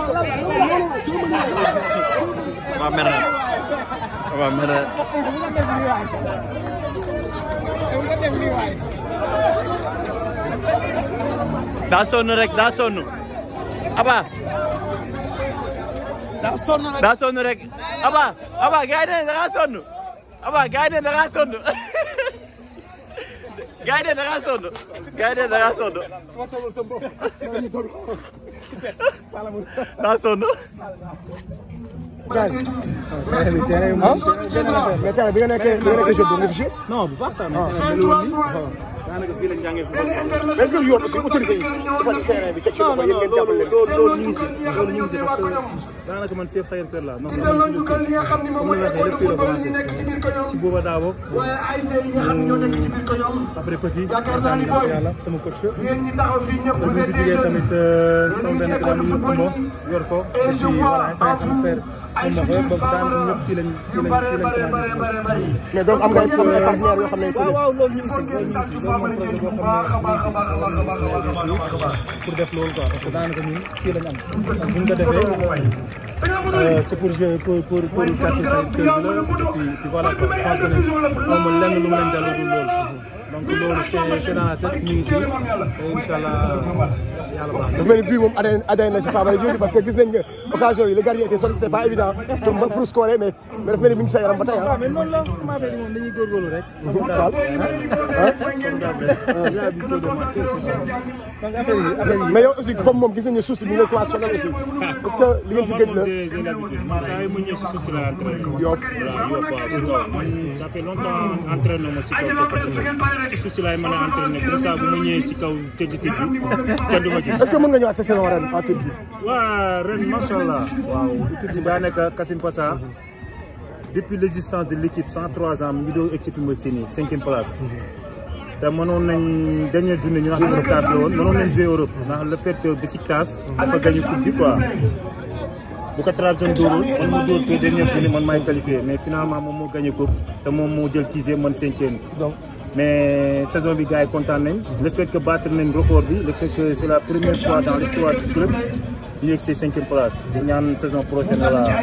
dafa rek dafa mer rek daa sonn rek Aba daa rek Aba Aba gars yi ne Aba gars yi ne da ngaa sonn super. daa sonn. mais tey bi nga nekkee bi nga nekkee jeune boobu nga fi non bu baax sax mais tey woon nii daanaka fii la njàngee mais est-ce que yoon aussi autorité yi dafa di terrain bi teg ci loolu loolu ñu ngi si loolu ñu ngi si parce que daanaka man fii sayer kër la non comme ni nga waxee lépp fii la commencé ci booba daabo après petit sant yàlla sama coach bu fi jugee tamit sama benn yor ko et puis voilà am na ko donc daanaka ñëpp fii lañ fii lañ fii lañ commencé. mais donc am nga ay partenaires yoo xam ne. waaw loolu ñu ngi si loolu ñu ngi si loolu moom projet boo xam ne ñu ngi pour def loolu quoi parce que daanaka ñun fii lañ am. bu ñu ko defee c'est pour jouer pour pour pour quartier seen kër gi la et puis voilà je pense que ne moom lenn lu mu leen delloo loolu. donc loolu c'est dans la tête ñu ngi ci te incha allah yàlla baax na. dafa mel ni bii moom adhéré na ci Famara Diédhiou parce que gis nañ nga occasion yi le gardien était sorti c'est pas évident pour scorer mais. mais daf mel ni mi ngi sa yaram ba tey ah. waaw mais noonu la maa ngi moom dañuy góorgóorlu rek. waaw ah, ah. ah. mais yow aussi comme moom gis nañu suuf si bi nga commencé sonal aussi parce que li ngeen fi gëj la. saa yu ma ñëw si suuf si la entraîné. yow voilà yow waaw si kaw man ça fait longtemps entraîné ma si kaw te si suuf si laay mën a entraîné comme ça bu ma ñëwee si kaw tëj tëj bi kenn du ma gis. est ce que mën nga ñëwaat sa saison ren en Turquie. waaw ren macha allah. waaw équipe bi depuis l'existence de l'équipe, 103 ans nous avons place. Mhm. te dernière journée Europe. le fait que nous avons gagné coupe quoi. bu ko dernière journée qualifié mais finalement gagné coupe te le 6 jël sixième man cinquième. donc mais saison bi gars yi le fait que battre record le fait que c'est la première fois dans l'histoire du club ñu yegg si cinquième place di ñaan saison prochaine la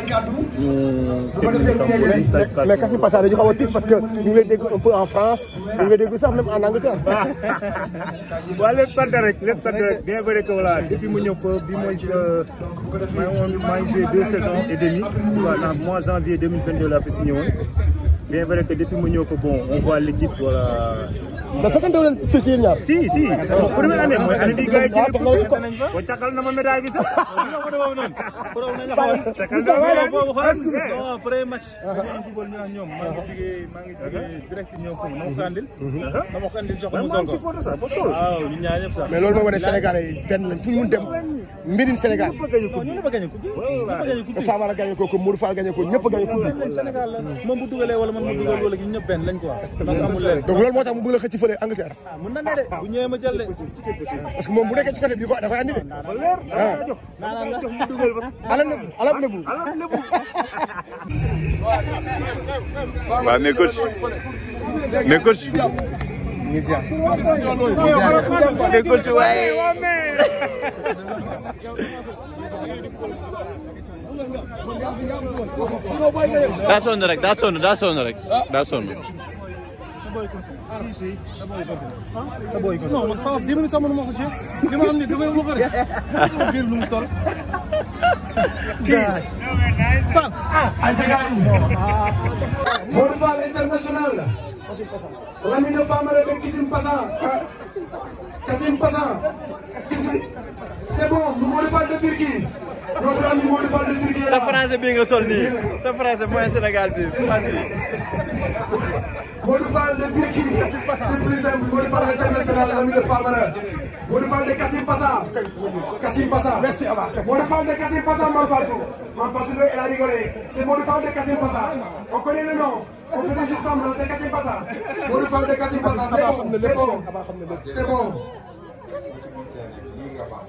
ñu terminer une qualification. mais qu'est-ce Kassim Passa dañu xaw a tiit parce que nous ngi dégoûtons un peu en France nous ngi dégoûtons ça même en Angleterre. waaw lépp sant rek lépp sant rek bien vrai que voilà depuis mu ñëw fa bi mooy sa euh, maa joué deux saisons et demie, tu vois dans mois janvier 2022 j'ai fi signé bien vrai que depuis mu ñëw fa bon on voit l'équipe voilà. da fekkante leen tukki yéen ñaar. si si première année mooy année bii gars yi jëlee ko càkkal na ma médaille bi sax. waaw après eh. match. Ah, ah. football ñu naan ñoom maa ngi jógee maa ngi jógee ah, direct ñëw foofu na ma ko andil. na mhm. ma ko andil jox ko mu sol ko waaw ñu ñaar yëpp sax. mais loolu moo wane Sénégal yi benn lañ fu ñu mun dem. mbirim Sénégal ñëpp a gagné coupe bi ñëpp a gagné coupe bi ñëpp a Famara gagné ko ko Modou Fall gagné ko ñëpp a gagné coupe bi Sénégal la moom bu dugalee wala man mu dugal wala ñëpp benn lañ quoi donc loolu moo tax mu bëgg la xëcc ci fële Angleterre. ah mun na ne de bu ñëwee ma jël de. parce que moom bu nekkee ci côté bi da koy andi de. Ah, dafa leer dafa ah. jox dafa jox mu dugal parce que. alam nëbu alam nëbu. alam nëbu. waaw mais coach mais coach. ñu ziar. mais coach waaye. daa sonn rek daa sonn daa sonn rek daa sonn. booy continué. si si da booy continué. da booy continué non man xaw ma 10 minutes sax mënuma ko ci li ma am nii damay ma ko def. sama biir lu mu toll. kii Fane. ah Modou Fall international la. Kassim Passan. Lamine Famara de Kassim Passan. Kassim Passan. Kassim Passan. c'est bon Modou Fall de Turquie. sa français bi nga sol nii sa français mooy Sénégal bi Fatick. Modou Fall de Turquie c'est plus simple Modou Fall international ami de Famara Modou Fall de Kassim Passa Kassim Passa merci Aba Modou Fall de Kassim Passa Mame Fatou Mame Fatou Ndoye elle a rigolé c'est Modou Fall de Kassim Passa on connaît le nom on faisait juste semblant c'est Kassim Passa Modou Fall de Kassim Passa c'est bon c'est bon c'est bon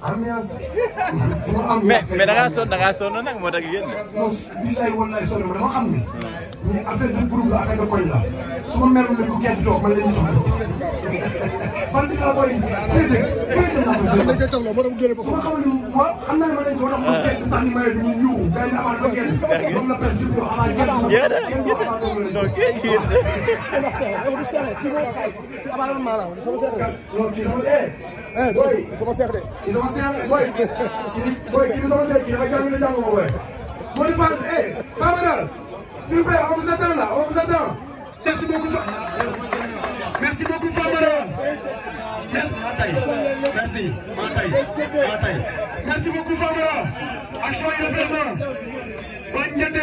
ambiance. mu ambiance mais mais da ngaa sonn da ngaa sonn nag moo tax yéen. moom billaay wallaay sonn ma dama xam ni. mais affaire de groupe la affaire de la su ma meroon ne ku kenn toog man leen jox. man dinaa booy fii de fii de. xam naa ma lay jox ma kenn sànni may bi ñu ñëw benn amaat ba kenn comme la presse bi ko amaat kenn kenn ko amaat ko leen donc yéen do sele ki mo xay ci abalon ma la do sama seex de eh boy sama seex de sama seex boy boy ki sama seex ki dafa jàng na jàng ma boy boy fa eh Famadal s'il vous plaît on vous attend là on vous attend merci beaucoup Merci. Merci beaucoup, Fabra. Action irréférement. Bonne Merci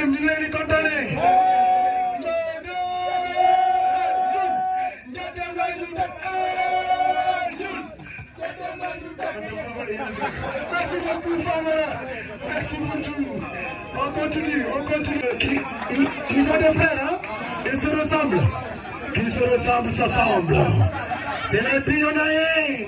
beaucoup, Fabra. Merci beaucoup. On continue, on continue. Ils, sont des frères, hein Ils se ressemblent. Ils se ressemblent, s'assemblent. C'est les pionniers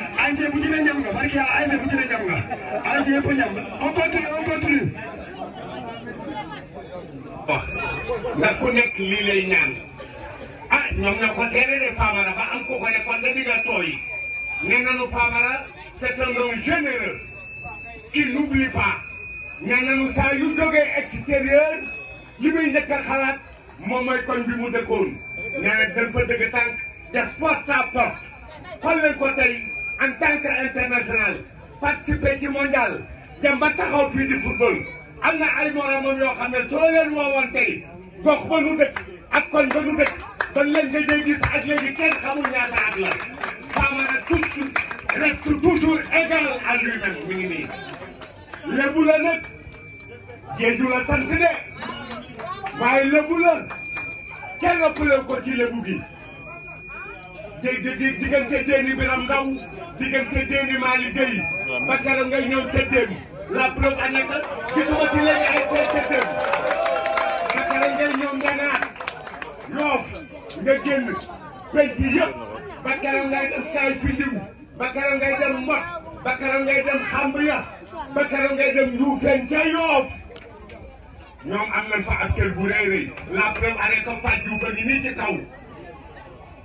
ASC bu jëlee ñam nga a ñam on ku nekk lii lay ñaan ah ñoom ñoo ko seede de Famara ba am ko ko ne kon da digga tooy nee nañu Famara c'est un homme généreux qui n'oublie pas nee nañu saa yu jógee extérieur li muy njëkk a xalaat moom mooy koñ bi mu dëkkoon nee na dañ fa dëgg tànk def porte à porte xool leen ko tey en tant qu'international, participer ci mondial de battre au fil du football Anna na ay moromam yoo xam ne soo leen woowoon tey gox ba nu dëkk ak koñ ba nu dëkk ba leen gëj gis ak léegi kenn xamul ñaata at la Famara toujours reste toujours égal à lui-même mi ngi nii. lébu la nag géeju la sant de waaye lébu la kenn ëppale ko ci lébu gi di di diggante jéeni biram ndaw. diggante déeni Mali Gueye ba keroog ngay ñëw ca déem la preuve en est que gisuma si dem Kaay ba keroog dem Mbot ba keroog dem Xambiya ba keroog dem Nduufeen Yoof ñoom am nañ fa ab cër bu la preuve en est que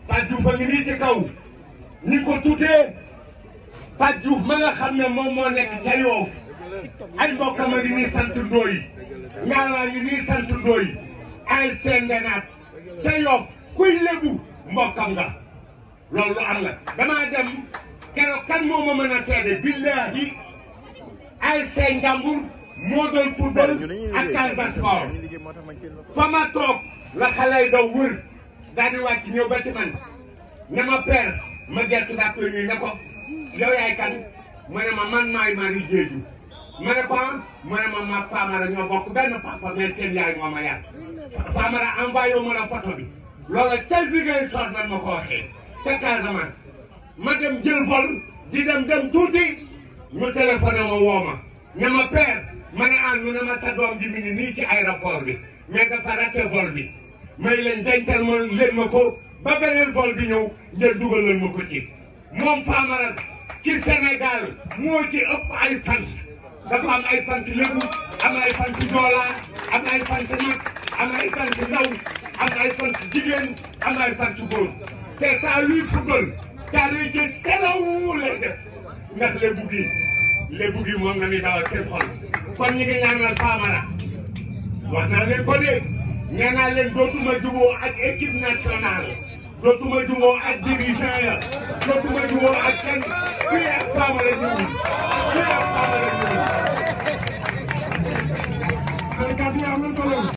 Fatou Diouf a ngi nii ci kaw Fatou Diouf a Fatou Diouf ma nga xam ne moom moo nekk ca Yoof ay mbokkam a ngi nii sant Ndoye ñaanaa ngi nii sant Ndoye ay seen denaat ca Yoof kuy lébu mbokkam nga loolu lu am la damaa dem keroog kan moo ma mën a seede billahi ay seen njàmbur moo doon football ak Casa Sport fa ma toog la xalay daw wër daal di wàcc ñëw ba ci man na ma peer ma gerte daa koy ñuy ne ko yow yaay kan mu ne ma man maay Marie Diédhiou ma ne ko ah? mu ma ma Famara ñoo bokk benn papa mais yaay moo ma yar Famara envoyé wu ma la photo bi loola ca Ziguinchor nan ma ko waxee ca Casamance ma dem jël vol di dem dem tuuti ñu téléphoné ma woo ma ne ma ma ne aan ah, ñu ne ma sa doom ji mi ngi nii ci aéroport bi mais dafa raté vol bi may leen dencal ma leen ma ko ba beneen vol bi ñëw ngeen dugal leen ma ko ci moom Famara ci Sénégal moo ci ëpp ay fans dafa am ay fans Lebu am ay fans Joola am ay fans mag am ay fans ndaw am ay fans jigéen te saa luy football saa luy jël selawu lay def ndax moom la ñuy daaw ak seen xol kon ñu ngi ñaanal Famara wax naa ko de nee naa leen dootuma juboo ak équipe nationale. dootuma juboo ak dirigeant ya dootuma juboo ak kenn fii ak Famara Gningue fii ak Famara Gningue.